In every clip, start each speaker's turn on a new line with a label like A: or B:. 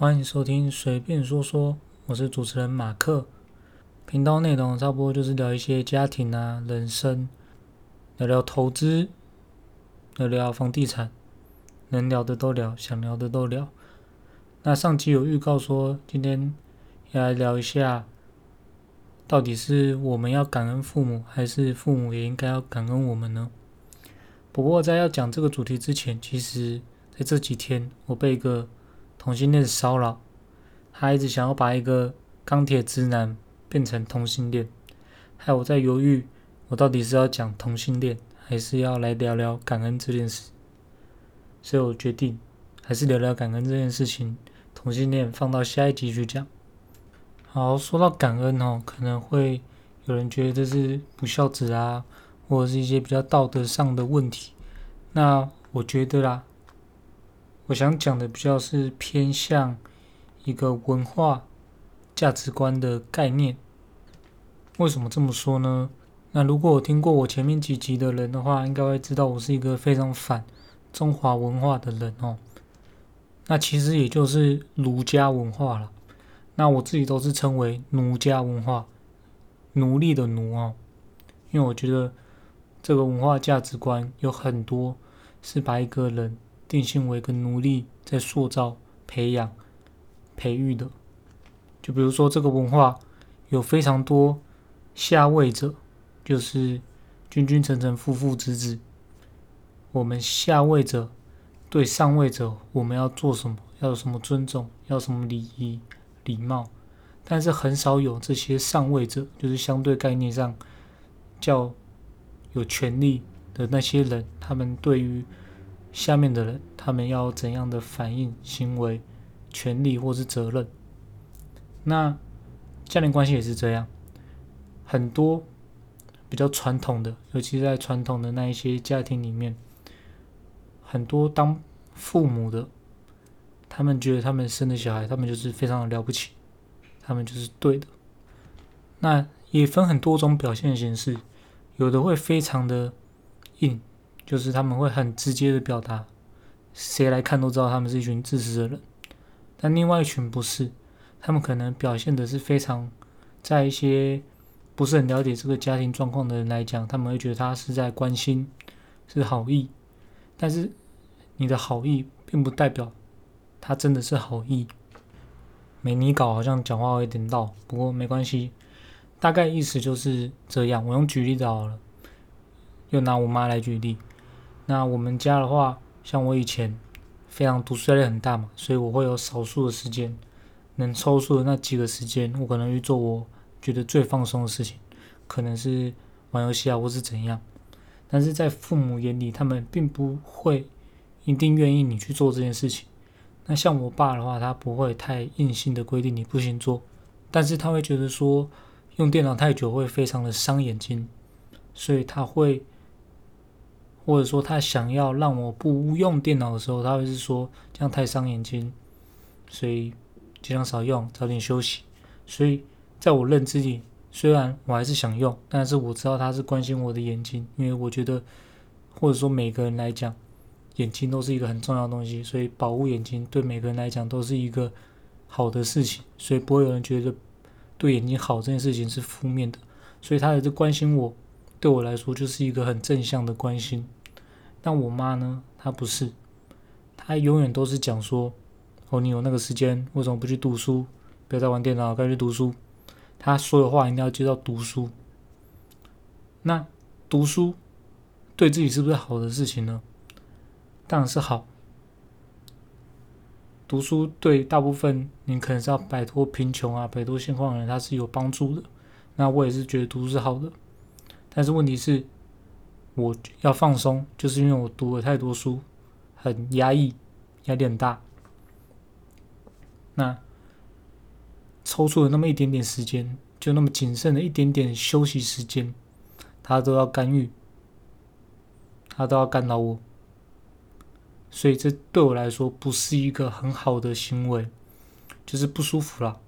A: 歡迎收聽《隨便說說》，我是主持人馬克。頻道內容差不多就是聊一些家庭啊、人生，聊聊投資，聊聊房地產，能聊的都聊，想聊的都聊。那上期有預告說，今天要來聊一下，到底是我們要感恩父母，還是父母也應該要感恩我們呢？不過在要講這個主題之前，其實在這幾天我被一個。同性戀的騷擾，他一直想要把一個鋼鐵直男變成同性戀，害我在猶豫，我到底是要講同性戀，還是要來聊聊感恩這件事。所以我決定，還是聊聊感恩這件事情，同性戀放到下一集去講。好，說到感恩哦，可能會有人覺得這是不孝子啊，或者是一些比較道德上的問題。那我覺得啦。我想講的比較是偏向一個文化價值觀的概念。為什麼這麼說呢？那如果我聽過我前面幾集的人的話，應該會知道我是一個非常反中華文化的人哦。那其實也就是儒家文化了。那我自己都是稱為“奴家文化”，奴隸的奴哦，因為我覺得這個文化價值觀有很多是把一個人。定性為跟個奴隸，在塑造、培養、培育的。就比如說，這個文化有非常多下位者，就是君君臣臣、父父子子。我們下位者對上位者，我們要做什麼？要有什麼尊重？要什麼禮儀、禮貌？但是很少有這些上位者，就是相對概念上較有權力的那些人，他們對於。下面的人，他們要怎樣的反應、行為、權利或是責任？那家庭關係也是這樣，很多比較傳統的，尤其在傳統的那一些家庭裡面，很多當父母的，他們覺得他們生的小孩，他們就是非常的了不起，他們就是對的。那也分很多種表現形式，有的會非常的硬。就是他們會很直接的表達，誰來看都知道他們是一群自私的人。但另外一群不是，他們可能表現的是非常，在一些不是很了解這個家庭狀況的人來講，他們會覺得他是在關心，是好意。但是你的好意並不代表他真的是好意。沒你搞好像講話有點繞，不過沒關係，大概意思就是這樣。我用舉例就好了，又拿我媽來舉例。那我們家的話，像我以前非常讀書壓力很大嘛，所以我會有少數的時間，能抽出的那幾個時間，我可能會去做我覺得最放鬆的事情，可能是玩遊戲啊，或是怎樣。但是在父母眼裡，他們並不會一定願意你去做這件事情。那像我爸的話，他不會太硬性的規定你不行做，但是他會覺得說用電腦太久會非常的傷眼睛，所以他會。或者說他想要讓我不用電腦的時候，他會是說這樣太傷眼睛，所以盡量少用，早點休息。所以在我認知裡，雖然我還是想用，但是我知道他是關心我的眼睛，因為我覺得或者說每個人來講，眼睛都是一個很重要的東西，所以保護眼睛對每個人來講都是一個好的事情，所以不會有人覺得對眼睛好這件事情是負面的，所以他也是關心我。對我來說，就是一個很正向的關心。但我媽呢，她不是，她永遠都是講說：“哦，你有那個時間，為什麼不去讀書？不要再玩電腦，該去讀書。”她所有話一定要接到讀書。那讀書對自己是不是好的事情呢？當然是好。讀書對大部分你可能是要擺脫貧窮啊，擺脫現況的人，它是有幫助的。那我也是覺得讀書是好的。但是問題是，我要放鬆，就是因為我讀了太多書，很壓抑，壓力很大。那抽出了那麼一點點時間，就那麼僅剩的一點點休息時間，他都要干預，他都要干擾我，所以這對我來說不是一個很好的行為，就是不舒服了。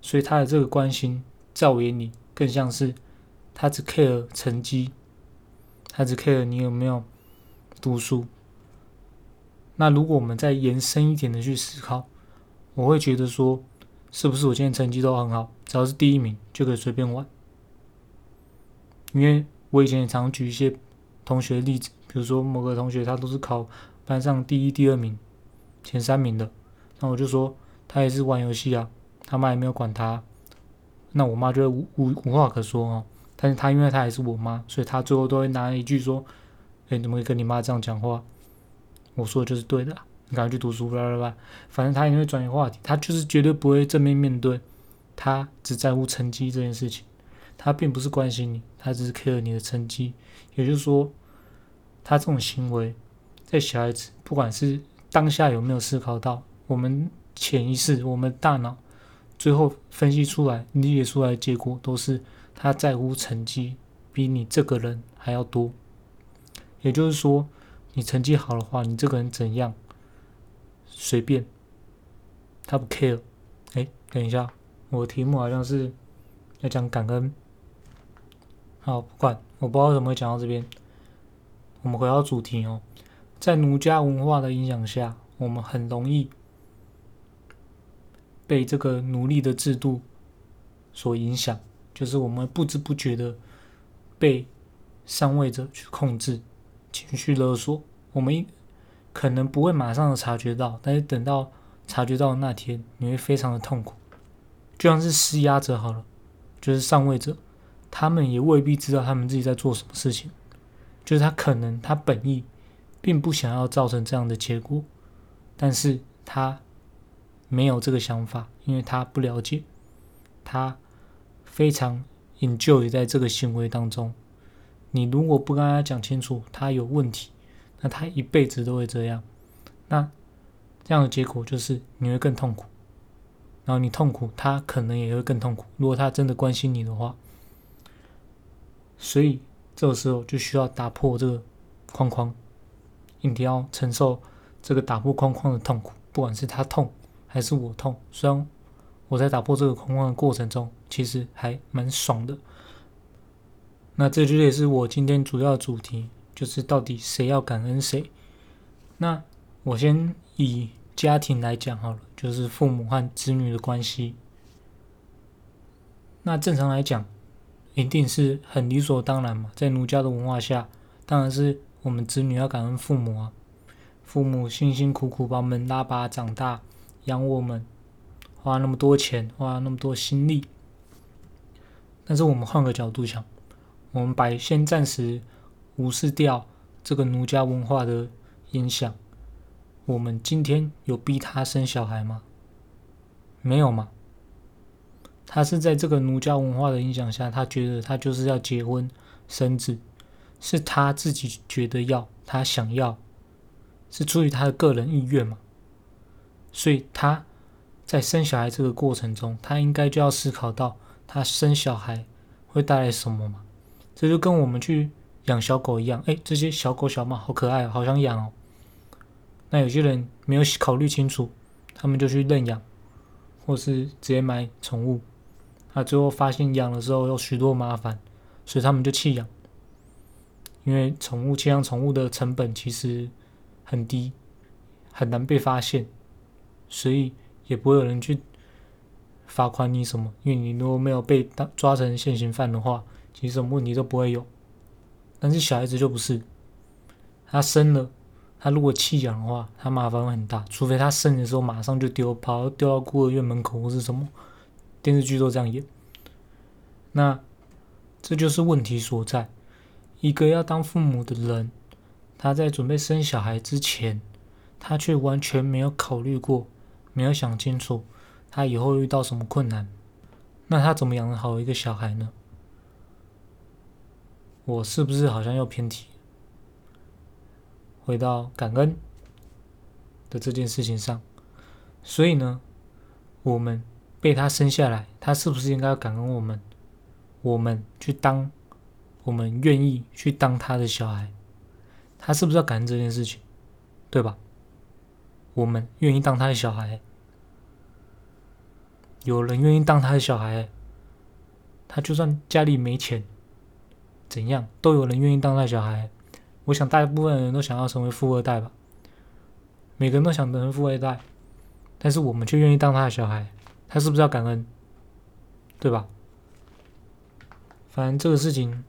A: 所以他的這個關心，在我眼裡更像是。他只 care 成績，他只 care 你有沒有讀書。那如果我們再延伸一點的去思考，我會覺得說，是不是我現在成績都很好，只要是第一名就可以隨便玩？因為我以前也常舉一些同學的例子，比如說某個同學他都是考班上第一、第二名、前三名的，那我就說他也是玩遊戲啊，他媽也沒有管他，那我媽就會無無無話可說哦。但是他因為他還是我媽，所以他最後都會拿一句說：“哎，你怎麼會跟你媽這樣講話？”我說的就是對的，你趕快去讀書吧吧吧。反正他也會轉移話題，他就是絕對不會正面面對。他只在乎成績這件事情，他並不是關心你，他只是 care 你的成績。也就是說，他這種行為，在小孩子不管是當下有沒有思考到，我們潛意識、我們大腦最後分析出來、理解出來的結果都是。他在乎成績比你這個人還要多，也就是說，你成績好的話，你這個人怎樣？隨便，他不 care。哎，等一下，我的題目好像是要講感恩。好，不管，我不知道怎麼會講到這邊，我們回到主題哦，在儒家文化的影響下，我們很容易被這個奴隸的制度所影響。就是我們不知不覺的被上位者去控制、情緒勒索，我們可能不會馬上的察覺到，但是等到察覺到那天，你會非常的痛苦。就像是施壓者好了，就是上位者，他們也未必知道他們自己在做什麼事情，就是他可能他本意並不想要造成這樣的結果，但是他沒有這個想法，因為他不了解他。非常 enjoy 在這個行為當中，你如果不跟他講清楚，他有問題，那他一輩子都會這樣。那這樣的結果就是你會更痛苦，然後你痛苦，他可能也會更痛苦。如果他真的關心你的話，所以這個時候就需要打破這個框框，你得要承受這個打破框框的痛苦，不管是他痛還是我痛，雖然。我在打破這個恐慌的過程中，其實還蠻爽的。那這就也是我今天主要的主題，就是到底誰要感恩誰？那我先以家庭來講好了，就是父母和子女的關係。那正常來講，一定是很理所當然嘛。在儒家的文化下，當然是我們子女要感恩父母啊，父母辛辛苦苦把我們拉拔長大，養我們。花那麼多錢，花那麼多心力，但是我們換個角度想，我們先暫時無視掉這個儒家文化的影響。我們今天有逼他生小孩嗎？沒有嘛。他是在這個儒家文化的影響下，他覺得他就是要結婚生子，是他自己覺得要，他想要，是出於他的個人意願嘛？所以他……在生小孩這個過程中，他應該就要思考到他生小孩會帶來什麼嘛？這就跟我們去養小狗一樣，哎，這些小狗小貓好可愛，哦，好想養哦。那有些人沒有考慮清楚，他們就去認養，或是直接買寵物。那最後發現養了之後有許多麻煩，所以他們就棄養。因為寵物棄養，寵物的成本其實很低，很難被發現，所以。也不會有人去罰款你什麼，因為你如果沒有被當抓成現行犯的話，其實什麼問題都不會有。但是小孩子就不是，他生了，他如果棄養的話，他麻煩會很大。除非他生的時候馬上就丟，跑到丟到孤兒院門口或是什麼，電視劇都這樣演。那這就是問題所在。一個要當父母的人，他在準備生小孩之前，他卻完全沒有考慮過。沒有想清楚，他以後遇到什麼困難，那他怎麼養好一個小孩呢？我是不是好像又偏題？回到感恩的這件事情上，所以呢，我們被他生下來，他是不是應該要感恩我們？我們去當，我們願意去當他的小孩，他是不是要感恩這件事情？對吧？我們願意當他的小孩，有人願意當他的小孩，他就算家裡沒錢，怎樣都有人願意當他的小孩。我想大部分人都想要成為富二代吧，每個人都想成為富二代，但是我們卻願意當他的小孩，他是不是要感恩？對吧？反正這個事情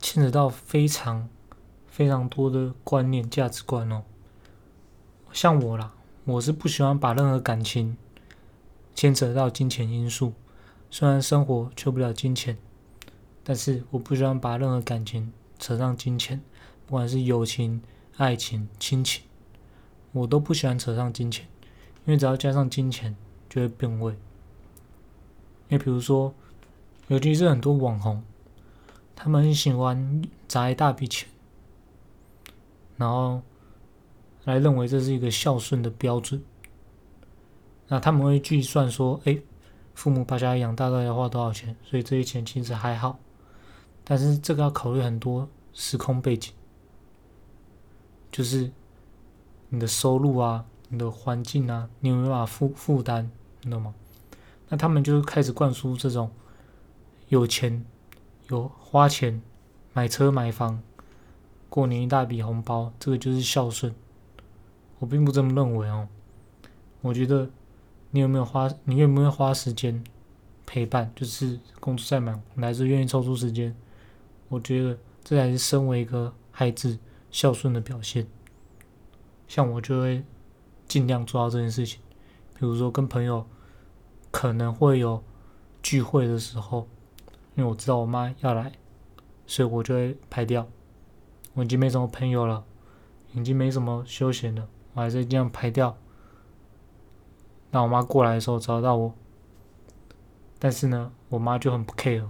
A: 牽扯到非常非常多的觀念、價值觀哦，像我啦。我是不喜歡把任何感情牽扯到金錢因素，雖然生活缺不了金錢，但是我不喜歡把任何感情扯上金錢，不管是友情、愛情、親情，我都不喜歡扯上金錢，因為只要加上金錢就會變味。你比如說，尤其是很多網紅，他們很喜歡砸一大筆錢，然後，來認為這是一個孝順的標準，那他們會計算說：“誒，父母把家養大，大概要花多少錢？”所以這些錢其實還好，但是這個要考慮很多時空背景，就是你的收入啊、你的環境啊、你有沒有辦法負負擔，你知道嗎？那他們就是開始灌輸這種有錢有花錢買車買房，過年一大筆紅包，這個就是孝順。我並不這麼認為哦，我覺得你有沒有花，你願不願意花時間陪伴？就是工作再忙，你還是願意抽出時間？我覺得這才是身為一個孩子孝順的表現。像我就會儘量做到這件事情，比如說跟朋友可能會有聚會的時候，因為我知道我媽要來，所以我就會排掉。我已經沒什麼朋友了，已經沒什麼休閒了。我還是這樣排掉。那我媽過來的時候找到我，但是呢，我媽就很不 care，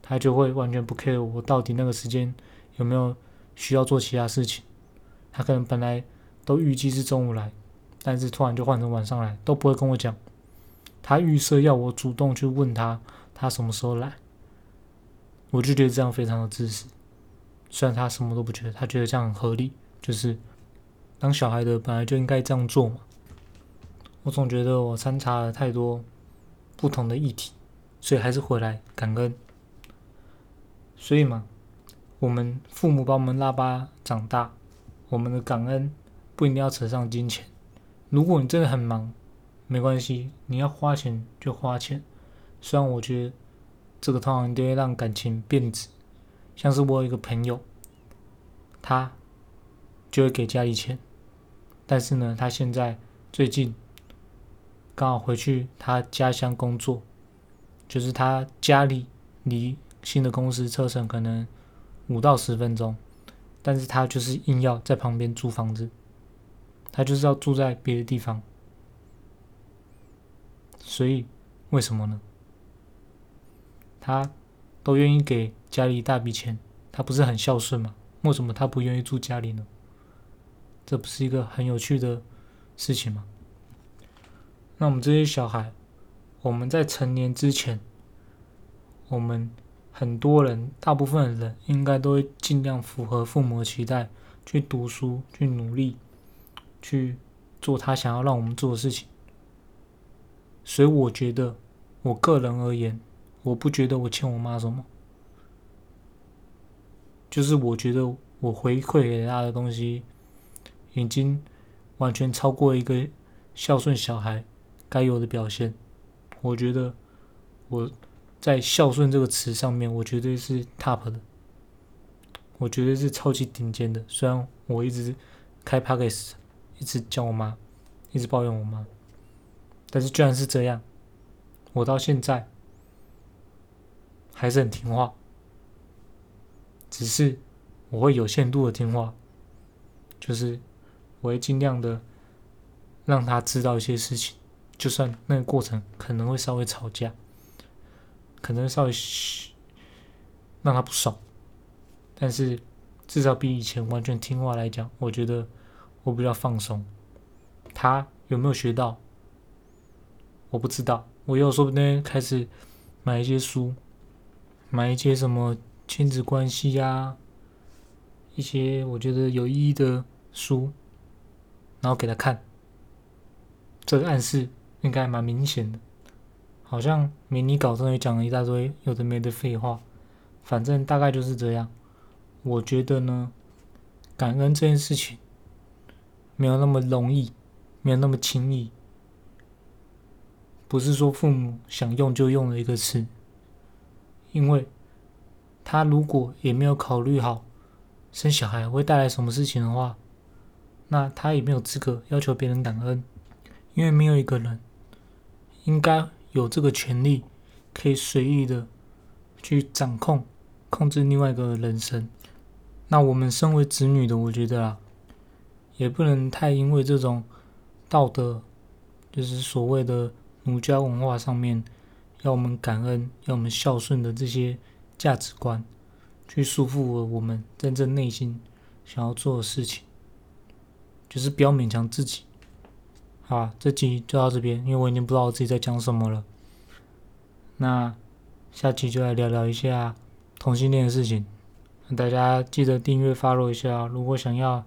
A: 她就會完全不 care 我到底那個時間有沒有需要做其他事情。她可能本來都預計是中午來，但是突然就換成晚上來，都不會跟我講。她預設要我主動去問她，她什麼時候來，我就覺得這樣非常的自私。雖然她什麼都不覺得，她覺得這樣很合理，就是。當小孩的本來就應該這樣做嘛，我總覺得我摻雜了太多不同的議題，所以還是回來感恩。所以嘛，我們父母把我們拉拔長大，我們的感恩不一定要扯上金錢。如果你真的很忙，沒關係，你要花錢就花錢。雖然我覺得這個通常都會讓感情變質，像是我有一個朋友，他就會給家裡錢。但是呢，他現在最近剛好回去他家鄉工作，就是他家裡離新的公司車程可能五到十分鐘，但是他就是硬要在旁邊租房子，他就是要住在別的地方，所以為什麼呢？他都願意給家裡一大筆錢，他不是很孝順嗎？為什麼他不願意住家裡呢？這不是一個很有趣的事情嗎？那我們這些小孩，我們在成年之前，我們很多人，大部分的人應該都會盡量符合父母的期待，去讀書，去努力，去做他想要讓我們做的事情。所以我覺得，我個人而言，我不覺得我欠我媽什麼，就是我覺得我回饋給他的東西。已經完全超過一個孝順小孩該有的表現。我覺得我在孝順這個詞上面，我絕對是 top 的，我絕對是超級頂尖的。雖然我一直開 podcast，一直叫我媽，一直抱怨我媽，但是居然是這樣，我到現在還是很聽話，只是我會有限度的聽話，就是。我會盡量的讓他知道一些事情，就算那個過程可能會稍微吵架，可能稍微讓他不爽，但是至少比以前完全聽話來講，我覺得我比較放鬆。他有沒有學到，我不知道。我又說不定開始買一些書，買一些什麼親子關係呀，一些我覺得有意義的書。然後給他看，這個暗示應該蠻明顯的。好像迷你稿這裡講了一大堆有的沒的廢話，反正大概就是這樣。我覺得呢，感恩這件事情沒有那麼容易，沒有那麼輕易。不是說父母想用就用的一個詞，因為他如果也沒有考慮好生小孩會帶來什麼事情的話。那他也沒有資格要求別人感恩，因為沒有一個人應該有這個權利，可以隨意的去掌控、控制另外一個人生。那我們身為子女的，我覺得啊，也不能太因為這種道德，就是所謂的儒家文化上面要我們感恩、要我們孝順的這些價值觀，去束縛了我們真正內心想要做的事情。就是不要勉強自己。好吧，這集就到這邊，因為我已經不知道我自己在講什麼了。那下期就來聊聊一下同性戀的事情。大家記得訂閱、follow 一下。如果想要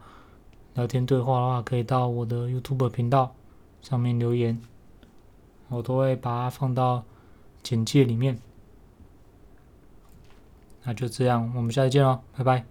A: 聊天對話的話，可以到我的 YouTube 頻道上面留言，我都會把它放到簡介裡面。那就這樣，我們下期見嘍，拜拜。